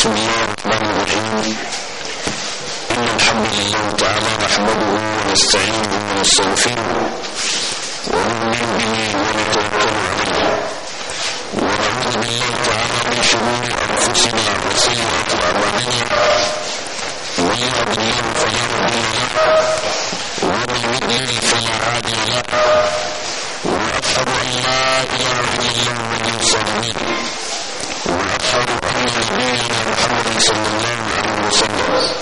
بسم الله الرحمن الرحيم إن الحمد لله تعالى نحمده ونستعينه ونستغفره ونؤمن به ونتوكل عليه ونعوذ بالله تعالى من شرور أنفسنا وسيئات أعمالنا من يهد الله فلا مضل له ومن يضلل فلا هادي له وأشهد أن لا إله إلا الله وحده لا شريك له Alexander Lane, Henry Sanders.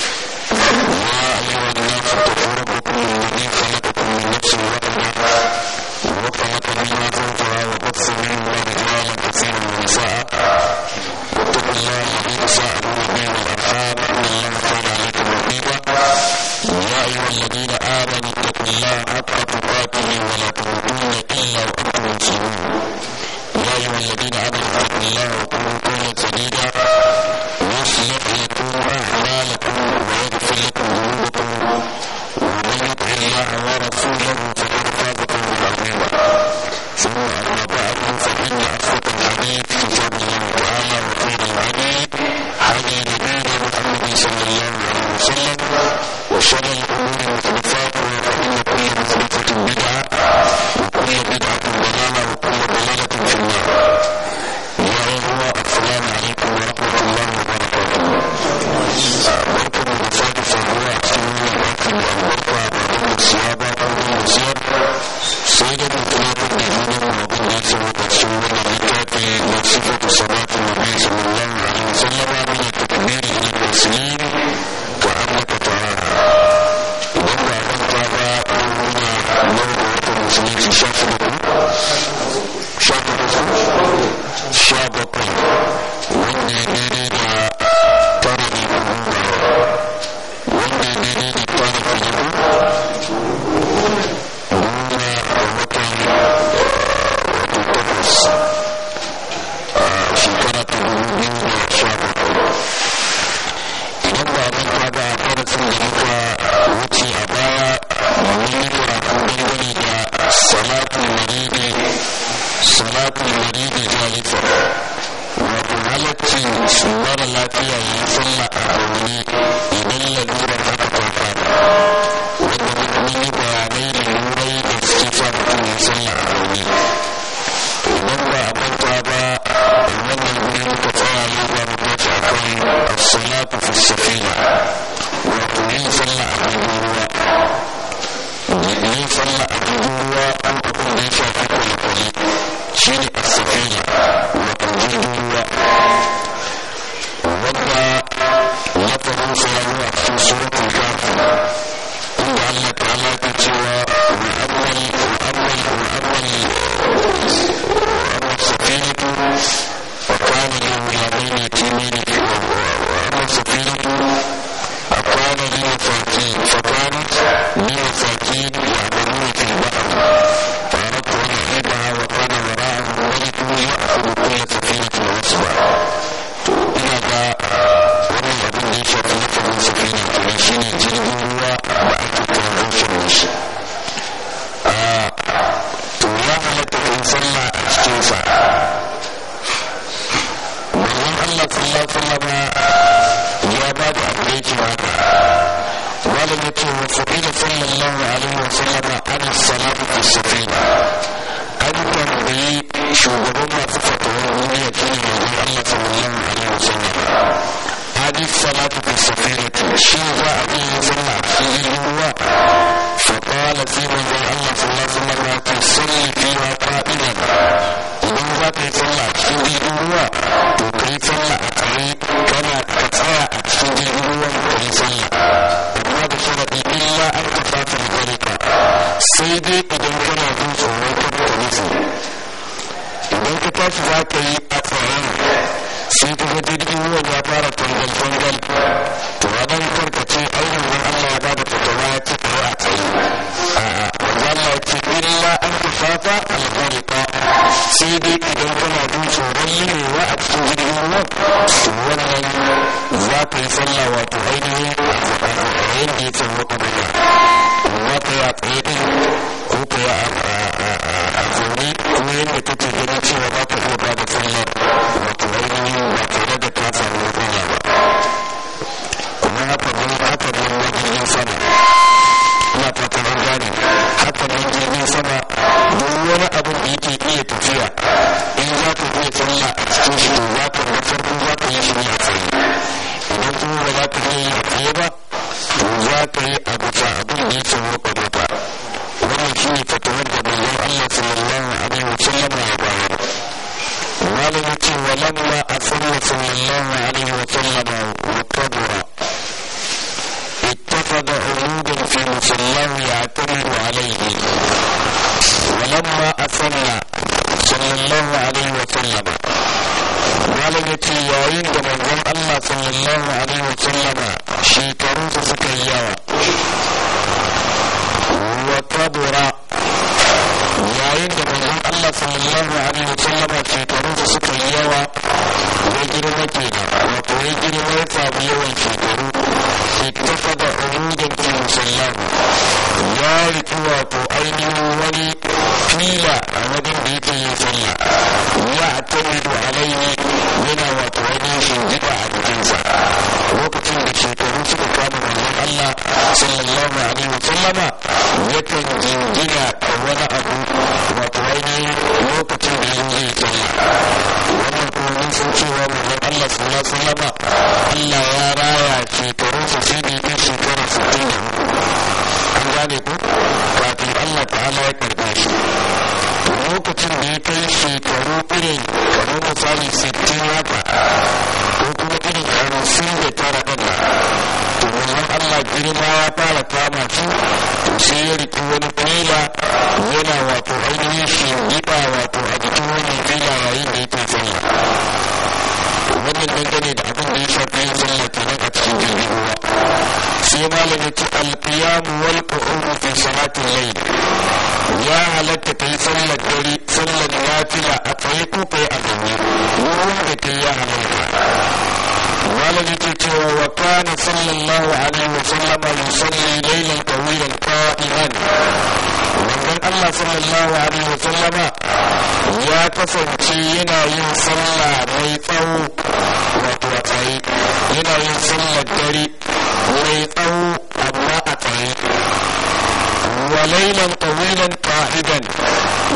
walailan tawilan qa'idan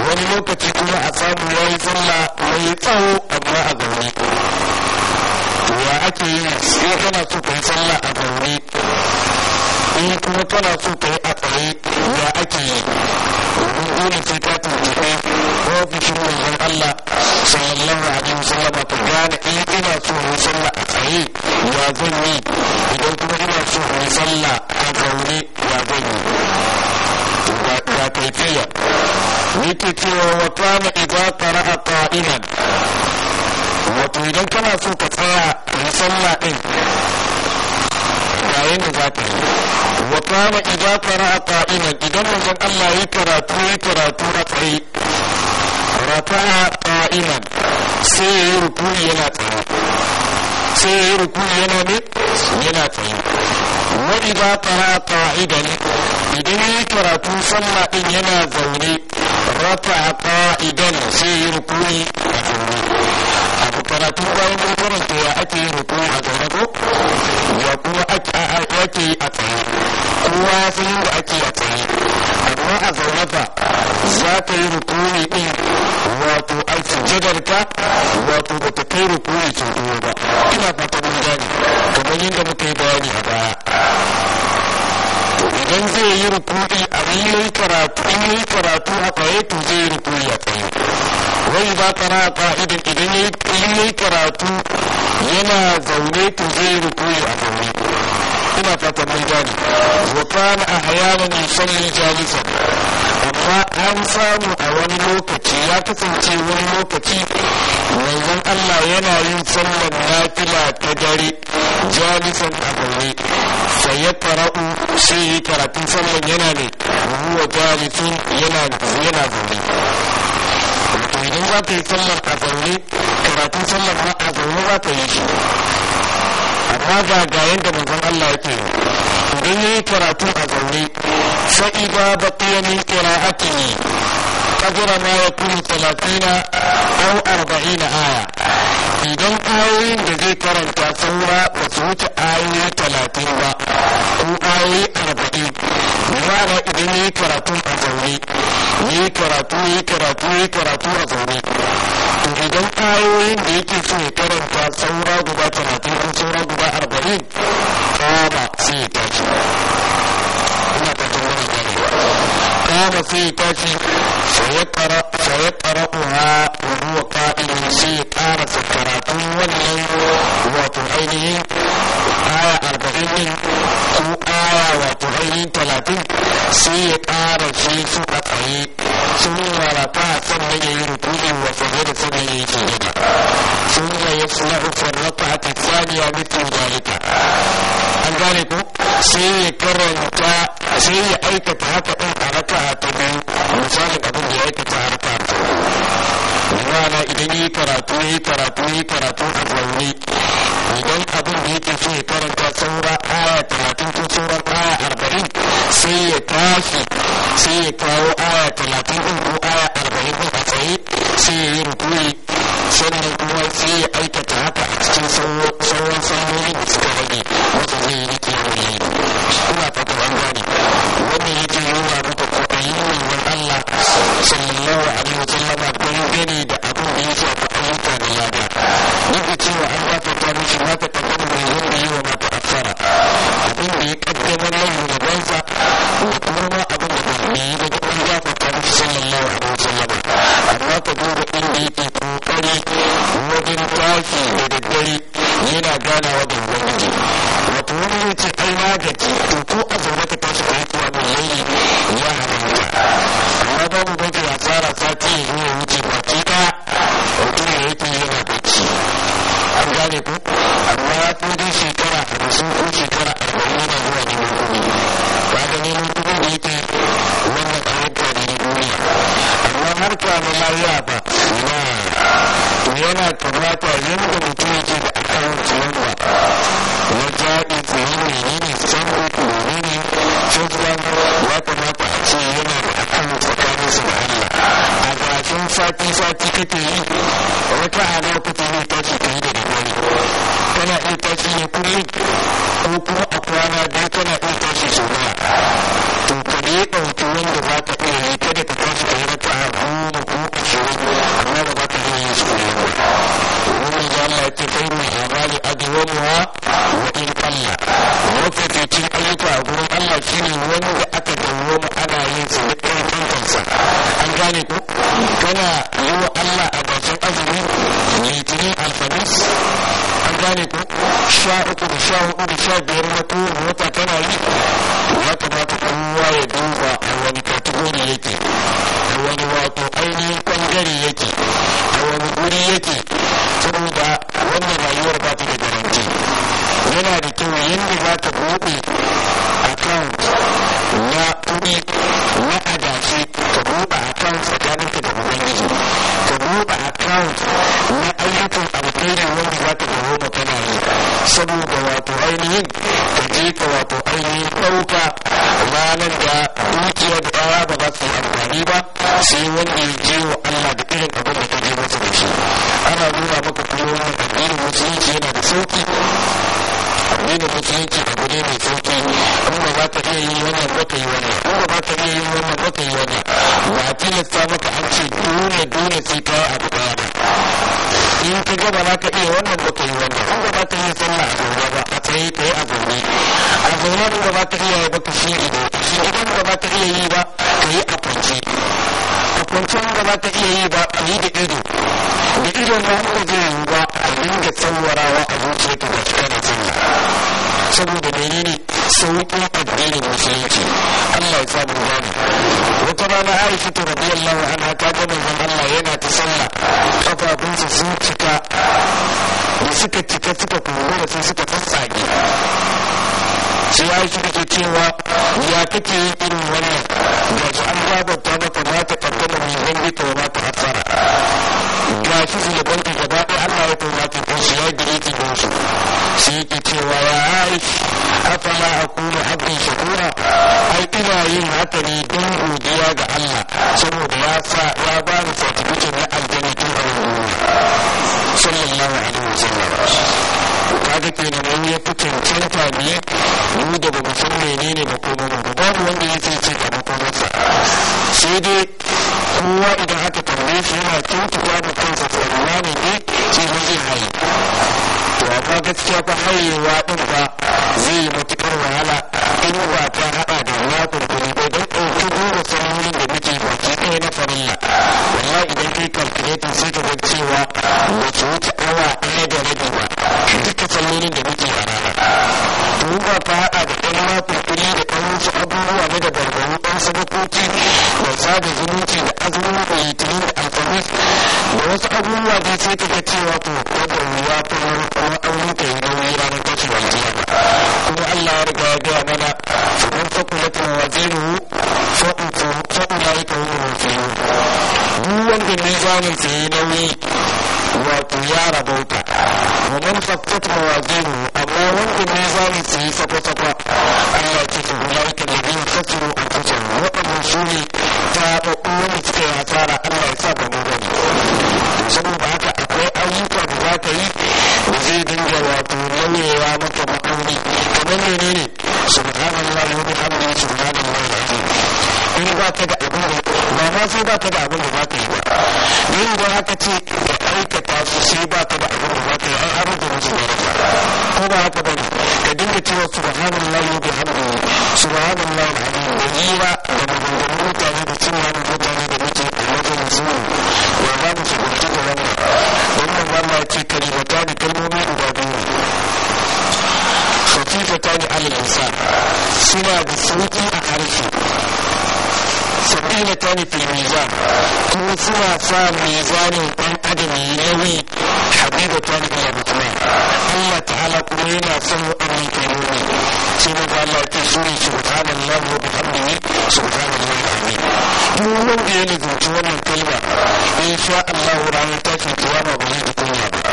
wani lokaci kuma a samu yayi sallah mai tsawo amma a zaune wa ake yi sai kana so kai sallah a zaune in kuma kana so a tsaye wa ake yi dole sai ka tuntuɓe ofishin manzon Allah sallallahu alaihi eh, ina sallah a ya idan kuma ina so sallah a ya zan zakaifiya yake cewa wa kana idza qara'a qa'iman wato idan kana so ka tsaya ka sallah din yayin da za ka yi wa kana idza qara'a qa'iman idan manzon Allah ya karatu ya karatu a tsaye raka'a qa'iman sai ya yi yana sai ya yi yana yana idan ya yi karatu sallah ɗin yana zaune rafa a ƙa'idan sai yi rukuni a zaune abu karatu bayan gurgurin to ya ake yi rukuni a zaune ko ya kuma ake a tsaye kowa ya san yadda ake a tsaye amma a zaune fa za ka yi rukuni ɗin wato a sujjadarka wato ba ta kai rukuni cikin ba ina fata mun gane kamar yadda muka yi bayani a baya idan zai yi rukuri a yi karatu in yi karatu a kwaye eh, to zai yi rukuri a kwaye wai ba na ka'idan idan yi karatu yana zaune to zai yi rukuri a zaune ina fatan mun gane wa kana ahyanan yusalli jalisan an samu a wani lokaci ya kasance wani lokaci manzon Allah yana yin sallar nafila ta dare jalisan a zaune sai ya fara'u sai yi karatun sallar yana ne ruwa jalisun yana zaune idan za ka yi sallar a zaune karatun sallar a zaune za ka yi shi amma ba ga yadda manzon Allah yake idan yayi karatu a zaune fa idza baqiya min qira'atihi kabura ma yakunu 30 aw 40 aya idan ayoyin da zai karanta saura ba su wuce ayoyi talatin ba ko ayoyi ma ma'ana idan yayi karatu a zaune yi karatu yi karatu yi karatu a zaune to idan kayoyin da yake so ya karanta saura guda talatin saura guda arba'in kama sai ya tashi قام في تاشي فيقرأ فيقرأها وهو قائم شيء قام سكرات والليل وتعينه آية أربعين ko aya wato ainihin talatin sai ya ƙara shi su a tsaye sun wara ta sannan ya yi rukuni wa tsaye da sannan ya yi ke gida sun yi suna marrata thaniya mithlu zalika an gane ko sai ya karanta sai ya aikata haka din a raka'a ta biyu misalin abin da ya aikata a raka'a ta biyu idan yi karatu yi ya karanta saura aya talatin aya aya talatin aya harka na lafiya ba yana kamata yadda mutum yake da akawunci yadda na jaɗi tsaye ne ne ne san uku ne ne sun zama ya kamata a ce yana da akawun tsakanin su da Allah a bakin sati-sati kake yi wata hana ta ne ta ce ta yi da dabbari tana iya tashi ne kullum ko kuma a kwana biyu tana iya tashi sau nawa to ka ne ɗauki wanda za ka iya yi kada ka tashi ka yi raka a goma ko ashirin amma ba iya yi ya ce kai mai lillahi ajwamuha wa in qalla mafificin ayyuka a gurin Allah shine da aka mu ana yin su da ƙarfin kansa an gane ko kana yi wa Allah a bakin azumi litinin alfamis an gane ko sha uku da sha hudu da sha biyar na kowane wata kana yi ya kamata kowa ya duba a wani kategori yake a wani wato ainihin gari yake a wani guri yake saboda wannan rayuwar ba yana da kyau yadda za ka buɗe account na kuɗi na adashi ka buɗe account tsakaninka da ubangiji ka buɗe account na ayyukan alkhairi wanda za ka ba kana yi saboda wato ainihin ka je ka wato ainihin ɗauka ranar da dukiya da ɗaya ba za su yi amfani ba sai wanda ya je wa Allah da irin abin da ta je masa da shi ana nuna aisha take cewa ya kake ne ta nufi mizan kuma suna sa mizanin dan adam ya nemi habibu ta nufi ya bi kuma ta hala kuma yana son mutane ke nuni sai na ga Allah ke shuri shi guda da Allah ne da su da Allah da kuma nan da ya lubuci wannan kalma insha Allah ranar tashi kiyama ba zai ji kunya ba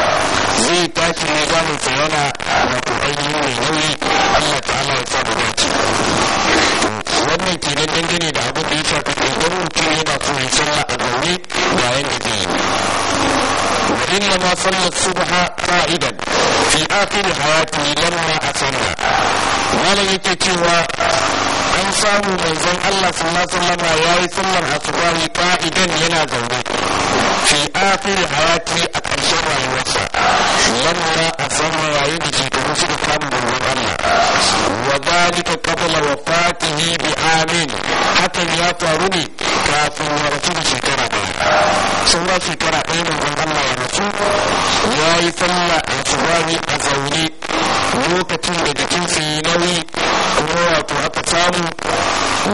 zai tashi mizanin sa yana wato ainihin mai nuni Allah ta hala ya sa wannan kenan dangane da abin da ya shafi tsohon mutum yana koyon sallah a zaune yayin da zai yi وإنما صلى الصبح قائدا في آخر حياته لما أصلى ولا يتكوى an samu manzon Allah sallallahu alaihi wasallam yayi sallar asubahi fa'idan yana zaune fi akhir hayati a ƙarshen rayuwarsa lamma asama yayi da shekaru suka kama manzon Allah wa dalika qabla wafatihi bi amin hakan ya faru ne kafin ya rasu da shekara ɗaya ba shekara ɗaya da zan Allah ya rasu ya yi falla a shirani a zaune lokacin da jikin su yi nauyi kuma wato aka samu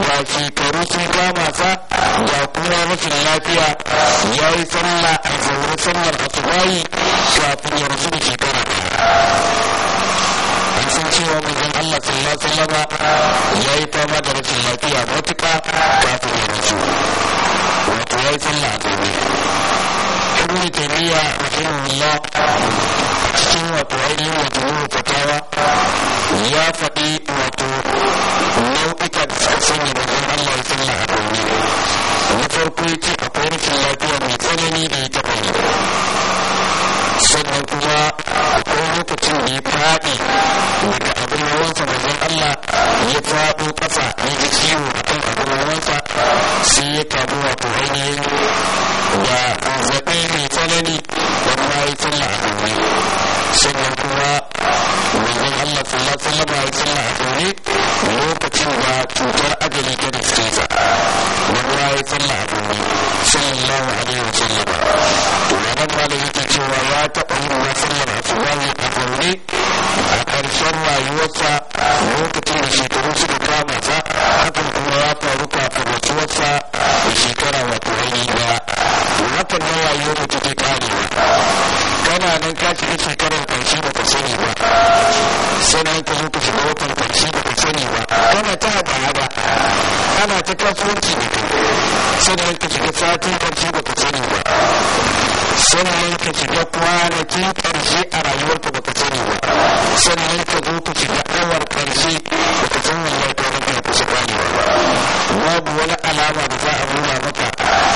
ba shekaru sun kama sa ba kuma rashin lafiya ya yi falla a zaune sallar a shirani kafin ya rasu da shekara ɗaya cewa mazan Allah sallallahu alaihi wasallam ya yi fama da rashin lafiya matuƙa fi ya rasu wato ya yi sallah a gobe ibn taymiya rahimahullah cikin wato ainihin wato ruhu tawa ya faɗi wato nau'ika da suka sanya manzon Allah ya sallah a gobe na farko ya ce akwai rashin lafiya mai tsanani da ya taɓa yi sannan kuma akwai lokacin da ya faɗi ya faɗo ƙasa an ji ciwo a kan abin hawansa sai ya kamu wato ainihin da zaɓi mai tsanani wanda ya yi tsalla a hannu sannan kuma manzon Allah sallallahu alaihi wasallam ya tsalla a hannu a rayuwarka baka sani ba sannan ka zo ka shiga awar karshe ka san wallahi ka rabu ka shiga ne babu wani alama da za a nuna maka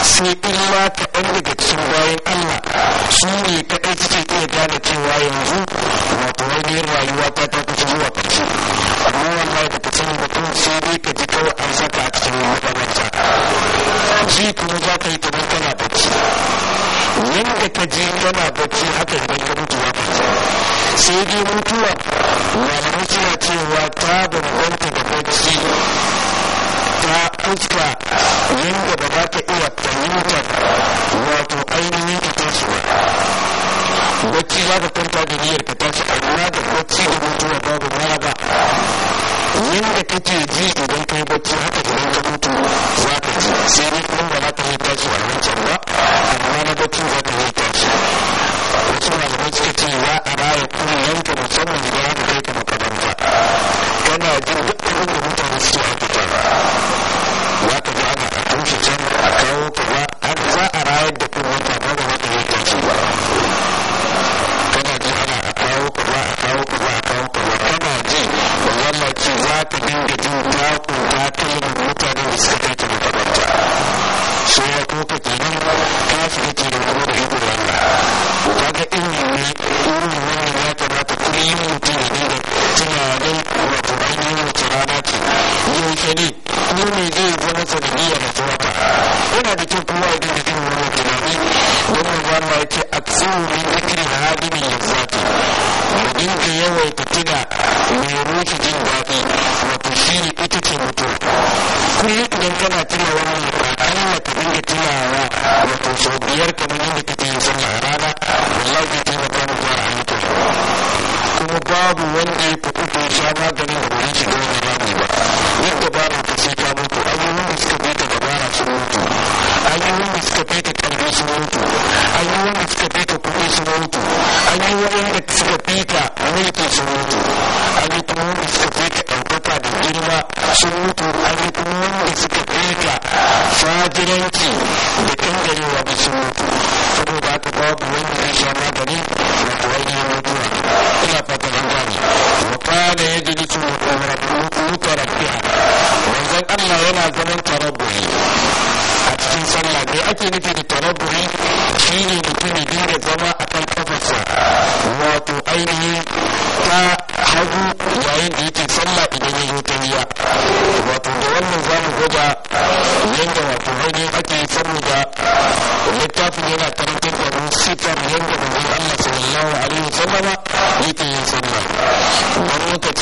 sai in ma ka ɗan daga cikin bayan Allah su ne ka ɗan cikin iya gane cewa yanzu wato wani yin rayuwa ta ta kusa zuwa karshe amma wallahi da ka sani mutum sai dai ka ji kawai an saka a cikin mabarata ji kuma za ka yi kamar kana bacci yadda ka ji kana bacci haka idan ka sai dai mutuwa malamai suna cewa ta bambanta da bacci ta fuska yadda ba za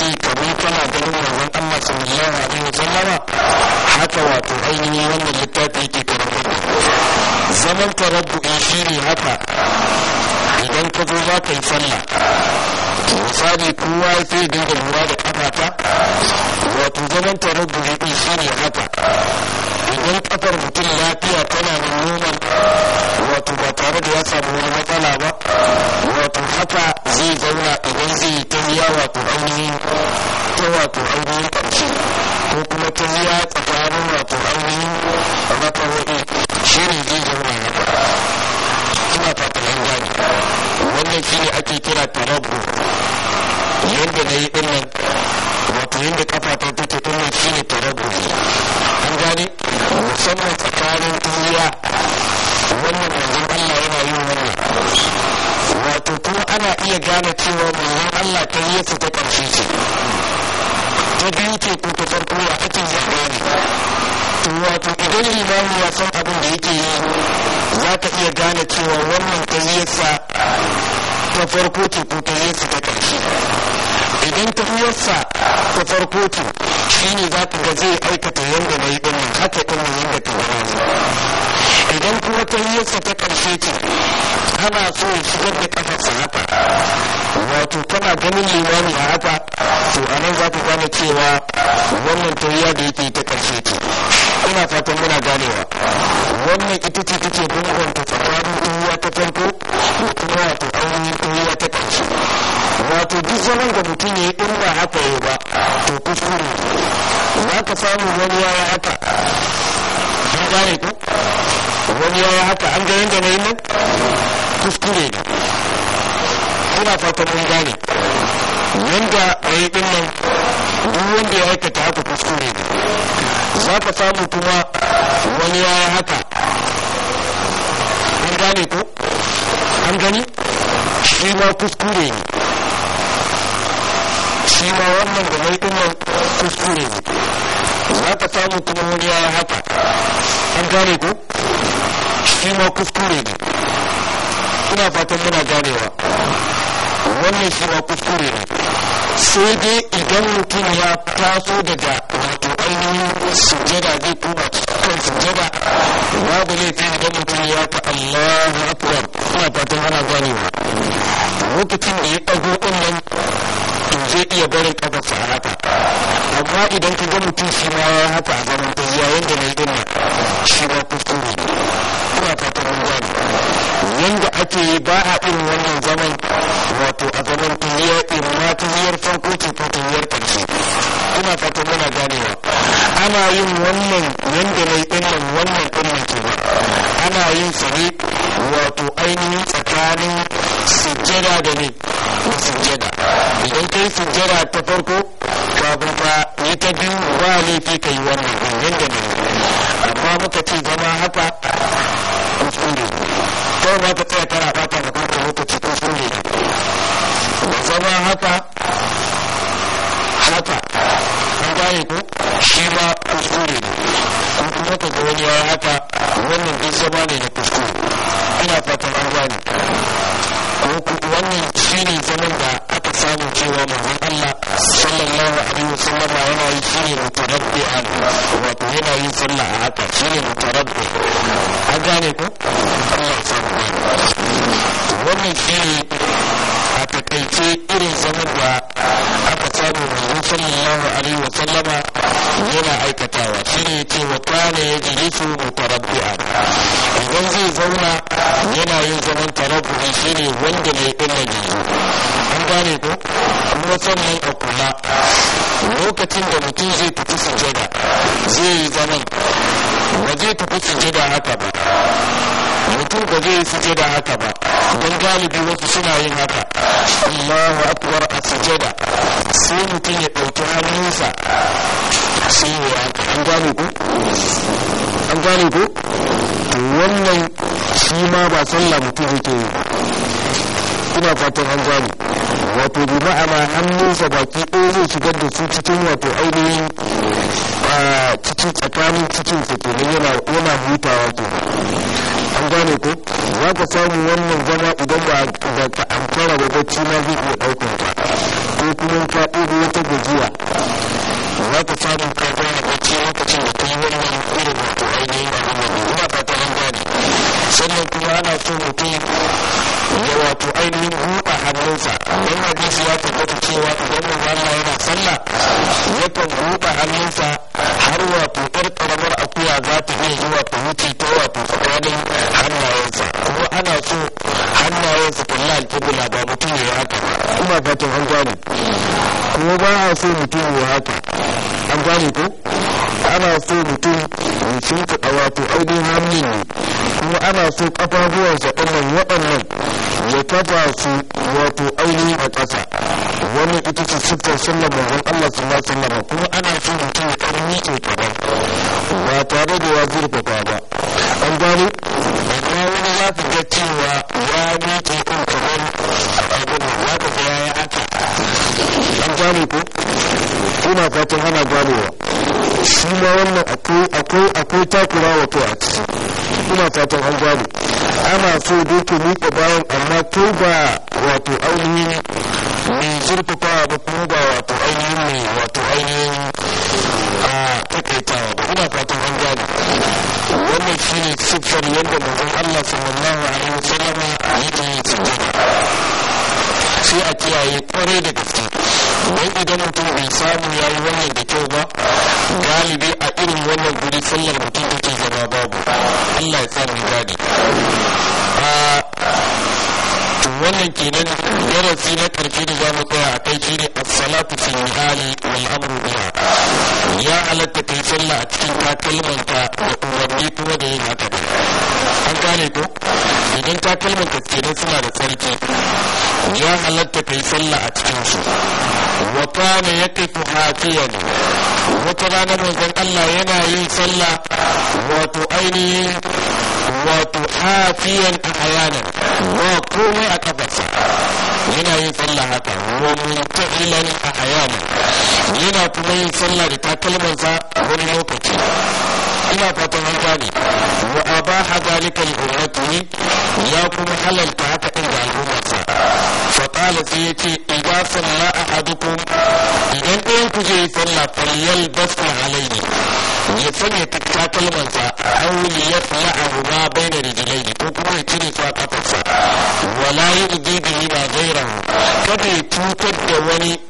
yi kamar kana ganin manzon Allah sallallahu alaihi wasallama haka wato ainihi wannan littafi yake karɓar zaman tarabbu'i shi ne haka idan ka zo za ka yi sallah misali kowa ya fi dinga lura da kafata wato zaman tarabbu'i din shi ne haka idan kafar mutum lafiya tana da noman wato ba tare da ya samu wani matsala ba wato haka zai zauna idan zai yi ta yawa wato ainihin ta wato ainihin ƙarshe ko kuma ta wuya tsakanin wato ainihin raka hudu shi ne zai zama fara ina fatan an gane wannan shi ne ake kira tarabu yadda na yi dinnan wato yadda kafa ta take dinnan shi ne tarabu an gane musamman tsakanin ta wannan manzon Allah yana yin wannan wato kuma ana iya gane cewa manzon Allah ta yi ta ƙarshe ce ta biyu ce ko ta farko ya ake zaɓa ne to wato idan limamu ya san abin da yake yi za ka iya gane cewa wannan ta yesa ta farko ce ko ta ta ƙarshe idan tafiyarsa ta farko ta shi ne za ka ga zai aikata yadda na yi ɗin haka kuma yadda ta yi idan kuma ta tafiyarsa ta ƙarshe ce ana so shigar da ƙafarsa haka wato tana ganin limami a haka to a nan za ka gane cewa wannan tafiya da yake ta ƙarshe ce ina fatan muna ganewa wannan ita ce take bambanta tsakanin tafiya ta farko ko kuma wato ainihin tafiya ta ƙarshe wato duk zaman da mutum ya yi in ba haka yi ba to kuskure za ka samu wani yayi haka an gane ko wani yayi haka an ga yadda na yi nan kuskure ne ina fatan mun gane yadda a yi din nan duk wanda ya aikata haka kuskure ne za ka samu kuma wani yayi haka an gane ko an gani shi ma kuskure ne shima wannan da mai nan kuskure ne za ka samu kuma wani ya haka an gane ko shima kuskure ne ina fatan muna ganewa wannan shi ma kuskure ne sai dai idan mutum ya taso daga wato ainihin sujada zai kuma kan sujada babu laifi idan mutum ya ta Allahu Akbar Ana fatan ana ganewa lokacin da ya ɗago ɗin to zai iya barin ƙafarsa a haka amma idan ka ga mutum shi ma ya haka a zaman ta yayin da na yi dinna shi ma kuskure ina fatan an gane yanda ake yi ba a irin wannan zaman wato a zaman ta yi irin ma ta farko ce ko ta ƙarshe ina fatan ana ganewa ana yin wannan wanda na yi nan wannan ɗin ce ba ana yin sa ne wato ainihin tsakanin sujjada da ne ko sujjada idan ka yi sujjada ta farko kafin ka yi ta biyu ba laifi ka yi wannan ɗin yadda ne amma muka ce zama haka kuskure ta ba ka tsaya tana ɓata da kanka ce kuskure ne zama haka haka tawaye ko shi ma kuskure ne ko kuma ka ga wani yayi haka wannan duk zama ne na kuskure ina fatan an gane ko wannan shi ne zaman da aka samu cewa manzon Allah sallallahu alaihi wasallam yana yi shi ne mutarabbi an wato yana yin sallah a haka shi ne mutarabbi an gane ko Allah ya samu wannan shi ne ce irin zaman da aka samu manzo sallallahu alaihi wa sallama yana aikatawa shine ce wa kana yajlisu mutarabbi'a idan zai zauna yana yin zaman tarabbi ne wanda mai illa ne an gane ko kuma sannan a kula lokacin da mutum zai tafi sujada zai yi zaman ba zai tafi sujada haka ba mutum ba zai suje da haka ba don galibi wasu suna yin haka Allahu akbar a suje da sai mutum ya ɗauki hannunsa sai ya haka an gane ku an gane ku to wannan shi ma ba sallah mutum yake yi ina fatan an gane wato bi ma'ana hannunsa baki ɗaya zai shigar da su cikin wato ainihin ah, cikin tsakanin cikin su ke yana hutawa ke gane ko za ka samu wannan zama idan ba ka amfara da bacci na zai iya ɗaukar ta ko kuma ka wata gajiya za ka samu ka fara bacci lokacin da ta yi wannan ba ta ainihin abin da ba sannan kuma ana so mutum ya wato ainihin buɗe hannunsa wannan hadisi ya tabbata cewa idan manzo Allah yana sallah yakan buɗe hannunsa har wato ƴar ƙaramar akuya za ta iya zuwa ta wuce ta wato tsakanin hannayensa kuma ana so hannayensa kalli alƙibla ba mutum ya haka ba ina fatan an gane kuma ba a so mutum ya haka an gane ko ana so mutum sun a wato ainihin hannun ne kuma ana so ƙafafuwansa ɗannan waɗannan ya kafa su wato ainihin a ƙasa wani ita ce siffar sallar manzon Allah sallallahu alaihi kuma ana so mutum ya ɗan miƙe kaɗan ba tare da ya zurfafa ba an gano ya wani ya fi ga cewa ya miƙe an gane ko ina fatan ana ganewa shi ma wannan akwai akwai takura wato a ciki ina fatan an gane ana so dai ku miƙa bayan amma ko ba wato ainihin mai zurfafa ba kuma ba wato ainihin mai wato ainihin a takaitawa ba ina fatan an gane wannan shi ne siffar yadda manzon Allah sallallahu alaihi wasallam yi sujjada sai a kiyaye kwarai da gaske wai idan mutum bai samu ya yi wannan da kyau ba galibi a irin wannan guri sallar mutum yake zama babu allah ya sa gadi to wannan kenan darasi na karshe da za mu koya a kai shine as-salatu fi hali wal amru biha ya halatta kai sallah a cikin ta kalmanta da ubangi kuma da yin haka an gane ko idan ta kalmanta kenan suna da tsarki ya halatta kai sallah a cikin su wa kana yaqifu hafiyan wata ranar manzon Allah yana yin sallah wato ainihin wato afiyan a ayanan wa komai a kafarsa yana yin sallah haka wa munta'ilan a ayanan yana kuma yin sallah da takalmansa wani lokaci ina fatan an gane wa abaha zalika li ummatihi ya kuma halalta haka din ga al'ummarsa fa qala sai yace idza salla ahadukum idan ɗayan ku je sallah falyal basta alayhi ya sanya takalmansa They cutar da money.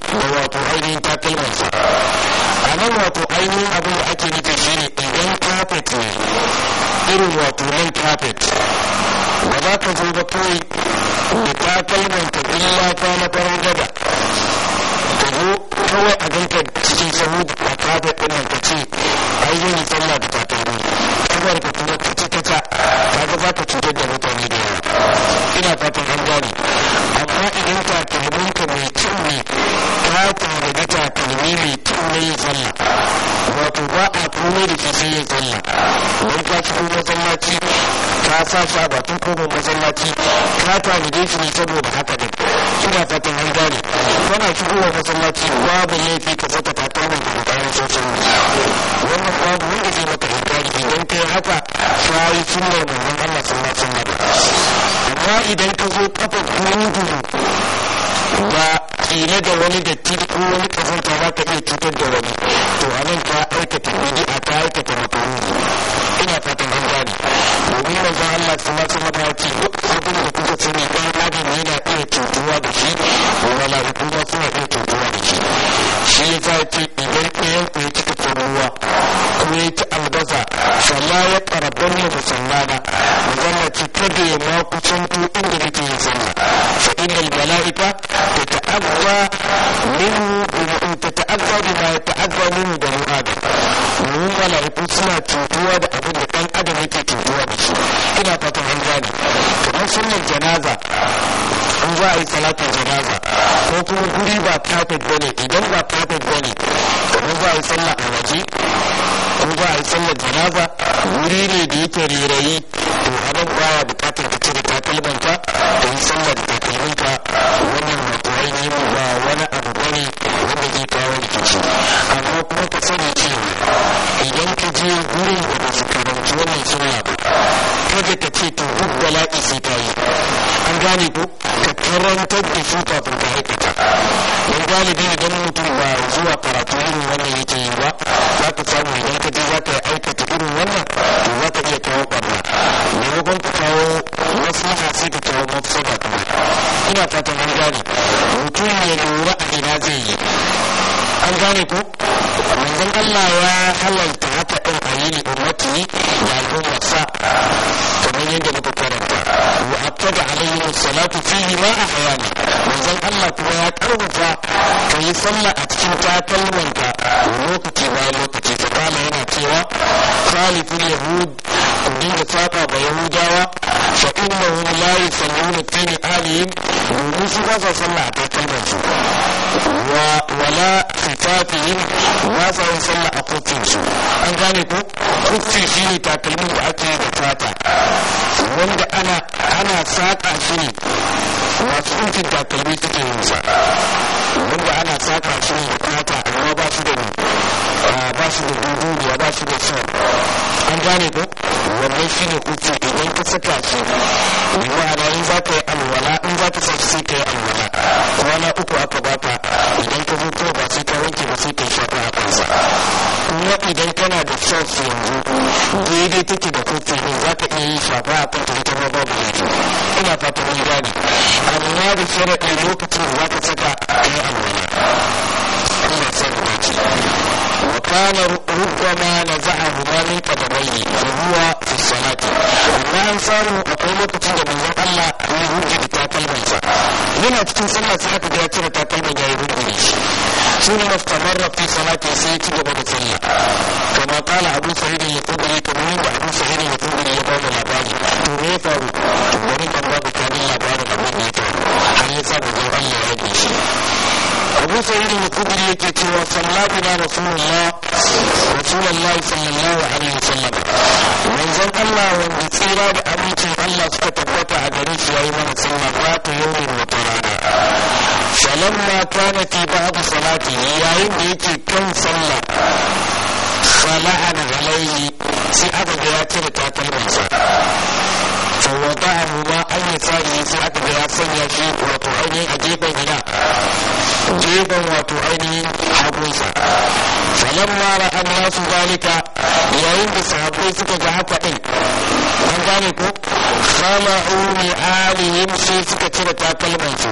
da salla ba manzon ce kada ya ma kusanto inda kake yin sallah fa innal malaika tata'abba minhu tata'abba bima yata'abba minhu da mu'ad mu malaiku suna cutuwa da abin da dan adam yake cutuwa da shi ina fata an gane kamar sallar janaza an za a yi salatin janaza ko kuma guri ba perfect bane idan ba perfect bane kamar za a yi sallah a waje in ba a yi sallar janaba wuri ne da yake rairayi to a baya ba ya bukatar ka cire takalmanka da yi sallar da takalminka wannan wato ainihin ba wani abu bane wanda zai kawo rikici amma kuma ka sani cewa idan ka je wurin da ba su karanci wannan sallah ba haja ka ce to hubbala sai ta yi an gane ko ka karantar da su kafin ka aikata don galibi idan mutum ba zuwa karatu irin wannan yake yi ba za ka samu idan ka je za ka yi aikata irin wannan to za ka iya kawo ɓarna maimakon ka kawo maslaha sai ka kawo mafsada kuma ina fatan an gane mutum ya lura a ina zai yi an gane ko manzon Allah ya halalta haka ɗin a yi ummati da al'ummarsa kamar yadda muka karanta wa attaba alaihi salatu fihi ma ahyana manzon Allah kuma ya karbuta ka yi sallah a cikin takalmanka lokaci bayan lokaci fa yana cewa salifin yahud ku dinga saba ba yahudawa fa innahu la yusalluna tini alihim domin su ba sa sallah a takalman su wala fitatihim ba sa yin sallah a kofin su an gane ko kofi shi ne takalmin da ake yi da fata wanda ana saƙa shi ne masu ɗinkin takalmi suke yin sa wanda ana saka shi ne da fata amma ba shi da ba shi da duniya ba shi da sa an gane ko wannan shi ne kuke idan ka saka shi ma'ana in za ka yi alwala in za ka saka sai ka yi alwala kwana uku aka baka idan ka zo kuma ba sai ka wanke ba sai ka yi shafa a kansa kuma idan kana da shelf yanzu daidai take da kofi ne za ka iya yi shafa a kanta ita ma babu yanzu ina fatan gida ne amma da ke da lokacin da za saka a yi alwala Allah sai ku dace wa kana rubbama naza'ahu ma min qadamayhi wa huwa fi salati amma an samu akwai lokacin da manzon Allah ya hujja da takalmansa yana cikin sallah sai aka ga ya cire takalman ya yi hujja da shi ثم استمر في صلاة سيتي وبعد صلى كما قال أبو سعيد الخدري كما أبو سعيد الخدري يقول العباد تميت وريد الله بكامل ya sa manzon Allah ya bi shi Abu Sa'id al-Khudri yake cewa sallatu na Rasulullah Rasulullah sallallahu alaihi wasallam manzon Allah wanda tsira da abincin Allah suka tabbata a gare shi yayi mana sallah ba ta yau ne ta rana falamma kana fi ba'd salati yayin da yake kan sallah fala'ana alaihi sai aka ga ya cire takalmansa fawwata abu ma an yi tsari sai aka ga ya sanya shi wato ainihin a gefen gida gefen wato ainihin hagunsa falamma an nasu zalika yayin da sahabbai suka ga haka din an gane ko khama'u ni alihim sai suka cire takalmansu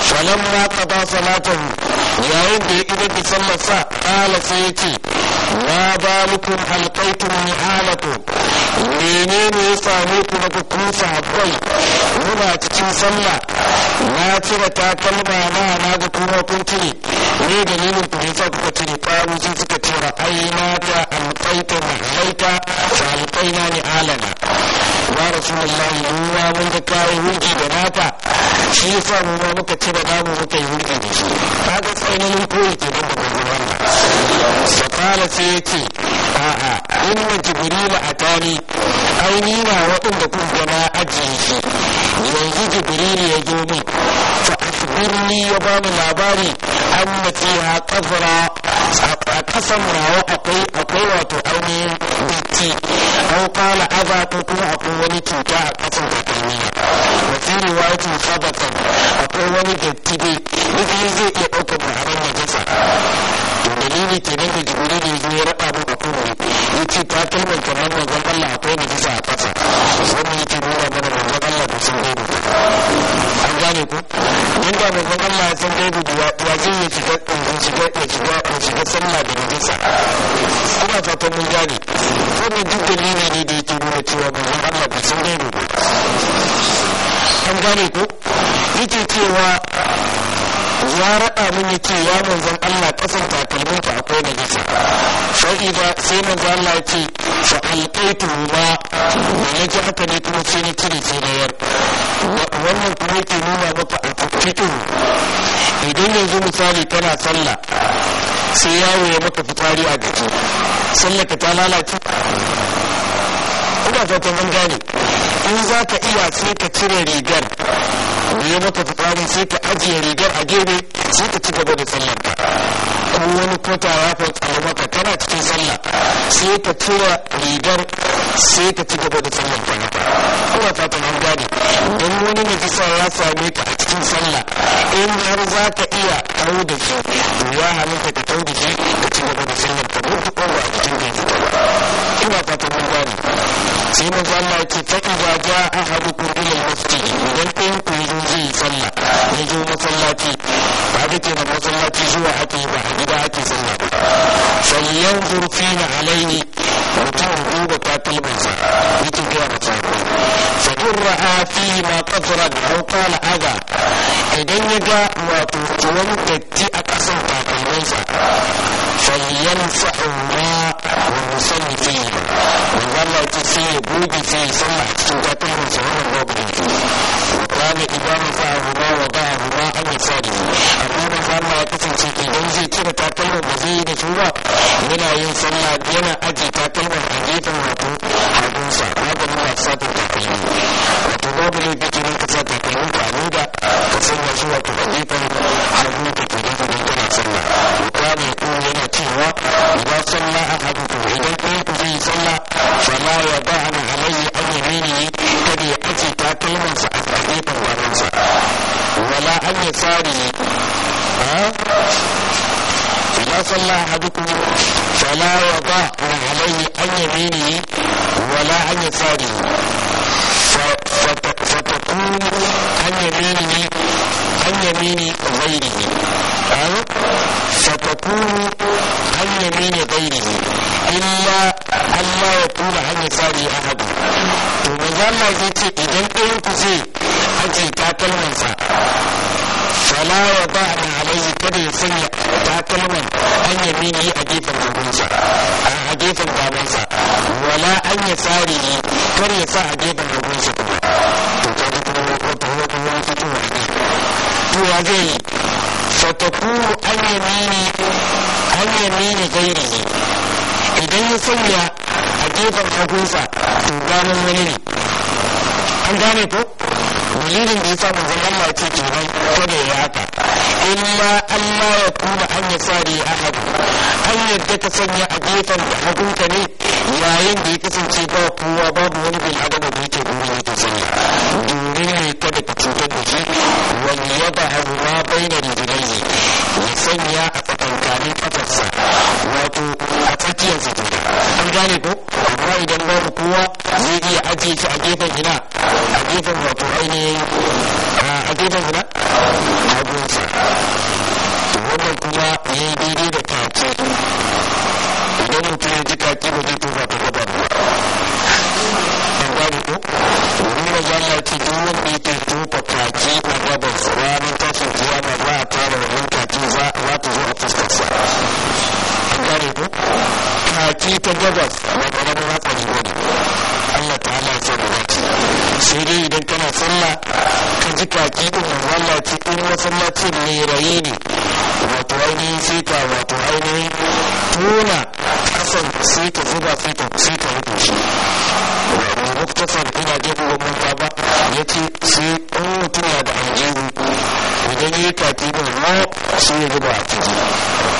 ka qada salatahu yayin da ya ƙi da sallar sa qala sai yace ma balukum halqaytum Mene menene ya same ku na ku kusa hakwai muna cikin sallah na cire takalma na na ga kuma kun cire ne dalilin ku ne sa kuka cire ƙwaru sun suka ce ra'ayina ta alƙaita na halaita fa ni alana ya rasulullahi ruwa ma mun ga hulki da naka shi yasa mu ma muka ci da namu muka yi hulki da shi ne tsananin koyi ke nan da wannan fa qala sai yace a'a inna jibril atani ai ni na waɗanda kun gana na ajiye shi yanzu jibril ya zo fa birni ya ba mu labari an da matsiha kafara a kasan rawa akwai akwai wato ainihin bitti an kala aza ko kuma akwai wani cuta a kasan kakanniya wasu riwayatin sabatan akwai wani datti dai nufi zai iya ɗaukar ma'anar najasa dalili kenan da jibril ya zo ya raba mu da kuma ya ce ta kalmar kamar manzon Allah akwai najasa a kasa sannan yake nuna mana manzon Allah da sun gani an gane ku ba mai manzon Allah ya san gaibu ya zai ya shiga ya shiga ya shiga ya shiga sallah da najasa kuma fatan mun gane wannan duk dalili ne da yake nuna cewa manzon Allah bai san gaibu ba an gane ko yake cewa ya raɗa min yace ya manzon Allah kasan takalminka akwai na gasa fa'ida sai manzon Allah ya ce fa alqaitu ma ya ji haka ne kuma sai ni cire ce da yar wannan kuma yake nuna maka alfiqin idan yanzu misali kana sallah sai yawo ya maka fitari a gaji sallah ka ta lalace ina fatan mun gane in za ka iya sai ka cire rigar ne mata fitari sai ta ajiye rigar a gebe sai ta ci gaba da sallar ta in wani kwata ya fatsari maka tana cikin sallah sai ta tura rigar sai ta ci gaba da sallar ta kuma ta tana gani don wani mai fisa ya same ka a cikin sallah in har za ka iya kawo da shi ya halitta ka kawo da shi ka ci gaba da sallar ka mutu kowa a cikin gaba ina tana sai manzo Allah yake faka a ja ahadukum ila masjid idan kun ku yi zai salla ya zo masallaci ba da ke kenan masallaci zuwa ake ba a gida ake salla falyanzur fina alaihi mutum duba takalmansa yake gaya da sako fa in ra'a fihi ma qadran aw qala aga idan ya ga wato wani datti a ƙasan takalmansa falyansahu ma والمصلي فيه وظل فيه بوق فيه ثم احتجته سواء الرب وقال إذا رفعهما وضعهما عن يساره أما من ظل يكفي إذا زي كده تاكلم وزي ده شو yana yin sallah yana aji takalman a gefen wato hagunsa haka ne ya sa takalmi wato babu ne kake ne ka sa takalmi ka ne da ka sanya shi wato a gefen hagun ka ke ne ka ne cewa idza salla ahadukum idan ɗayan ku zai salla la ya ba'ana alayhi an yaminihi kada ya aje takalmansa a gefen bayansa wala an yasarihi إذا صلى أحدكم فلا يضع عليه عن يمينه ولا mini يساره فتكون عن يمينه عن يمين غيره أو فتكون an gairi ghairihi illa Allah ya tura hanya sari ahadu to zai ce idan ɗayan ku zai aje takalmansa fala wa ba'na alayhi kada ya sanya takalman a gefen hagunsa a gefen wala an ya ne kar ya sa a gefen hagunsa kuma to kaga kuma wata wata wata fitowa ne to zai yi fatakuru an hanyar ne da ne idan ya sauya a gefen hagunsa to ganin wani ne an gane ko dalilin da ya sa manzon Allah ce kenan ko da ya haka in ma Allah ya kuma an ya sare ahad an yadda ka sanya a gefen hagunka ne yayin da ya kasance ba kowa babu wani bil adama da yake gudu ya ta sanya ne kada ka cutar da shi wani yaba hagu ma bai da rijilai ya sanya a tsakankanin kafarsa wato tsakiyar sa kenan an gane ko amma idan babu kowa zai iya ajiye shi a gefen ina a gefen wato ainihin a gefen ina a gunsa wannan kuma ya yi daidai da kaci idan mutum ya ji kaki ba zai tofa ta gaba ba an gane ko wani wajen ya ce duk wanda ya ke gane ko kaki ta gabas ba ƙaramin hatsari ba ne Allah ta hana ce da zaki sai dai idan kana sallah ka ji kaki ɗin Allah ce in masallacin ne rayi ne wato ainihin sai wato ainihin tona ƙasan sai ka zuba sai sai ka rufe shi wani muktasar ina jefa wa manta ba ya ce sai in mutum na da aljihu idan ya yi kaki ɗin ma sai ya zuba a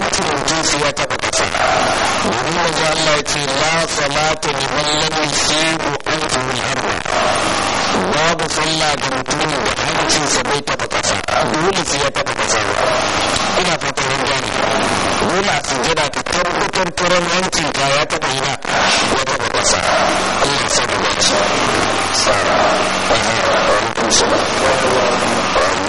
mutum jinsi ya taɓa ƙasa wani maza Allah ya ce la salatu li man lam yusibu anhu al-arba babu salla ga mutum da sa bai taɓa ƙasa dole sai ya taɓa ƙasa ina fata ran gani dole a sujada ka tabbatar turan hancin ka ya taɓa ina ya taɓa ƙasa Allah ya sa mu dace. Sara. Wa alaikum salam.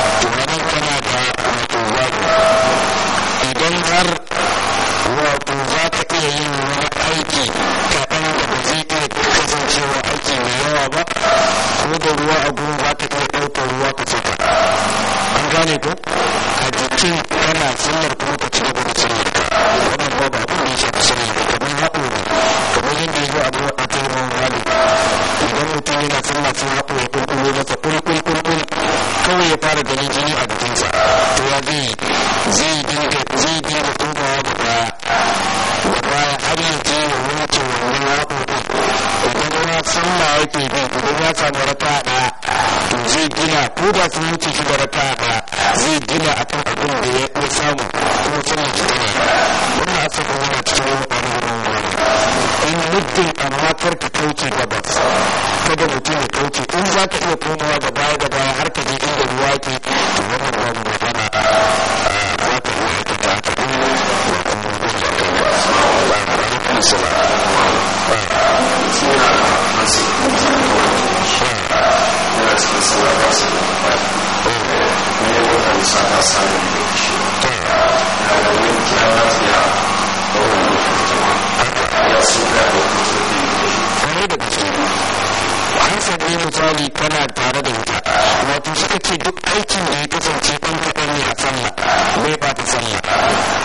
sallah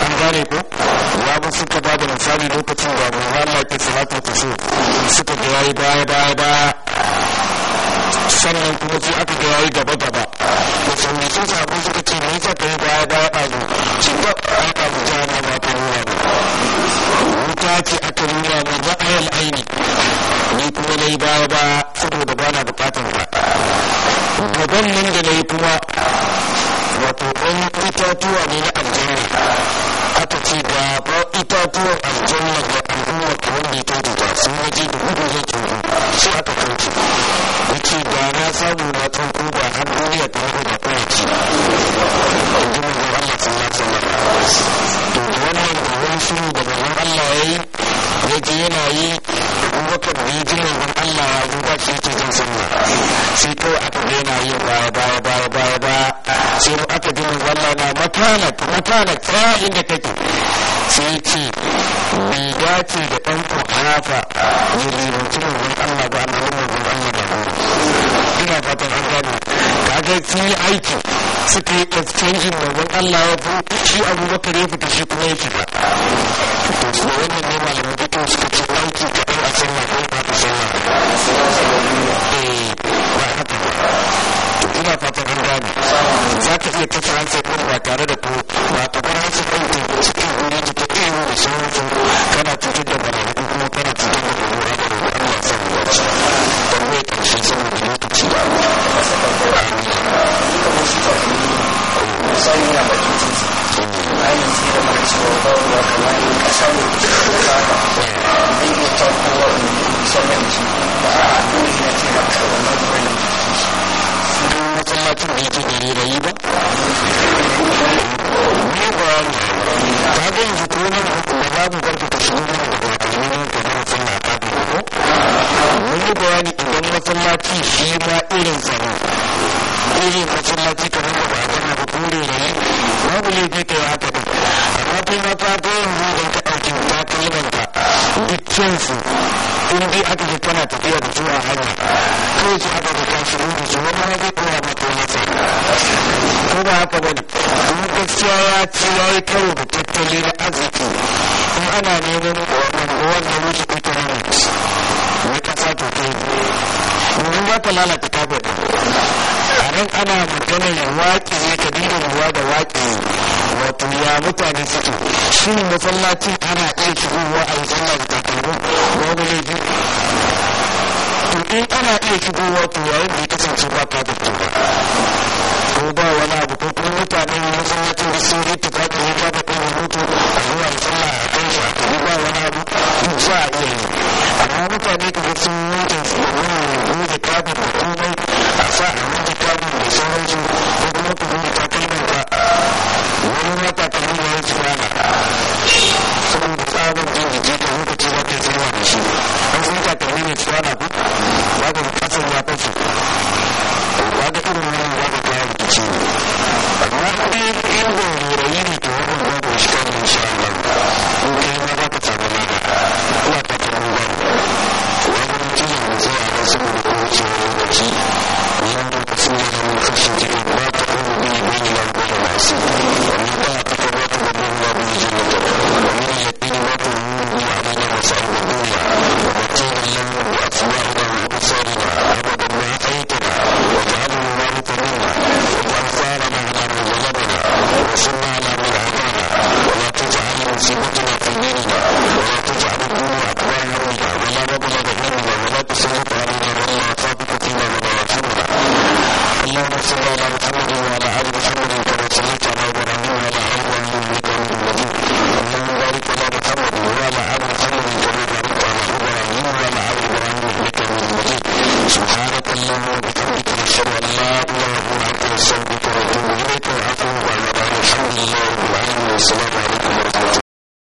an gane ko ya ba suka ba da misali lokacin da abu hana ke salatu ta so suka ga yayi baya baya baya sannan kuma ji aka ga yayi gaba gaba da sallace ta ko suka ce me yasa kai baya baya ɗazu shi ba an ɗazu jana ba ta nuna ba wuta ce aka nuna ba za a aini ni kuma na yi baya baya saboda ba na bukatar ba gaban nan da na yi kuma mutuwa ne na aljanna suka yi exchanging manzon Allah ya fi shi abubakar ya fita shi kuma ya fita to wannan ne malamin